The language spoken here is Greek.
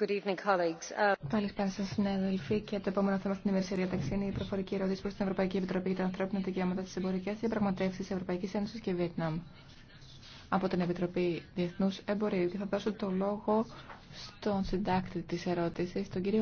Uh, Καλησπέρα σα, συναδελφοί. Και το επόμενο θέμα στην ημερήσια διάταξη είναι η προφορική ερώτηση προ την Ευρωπαϊκή Επιτροπή για τα ανθρώπινα δικαιώματα τη εμπορική διαπραγματεύσει Ευρωπαϊκή Ένωση και Βιετνάμ. Από την Επιτροπή Διεθνού Εμπορίου. Και θα δώσω το λόγο στον συντάκτη τη ερώτηση, τον κύριο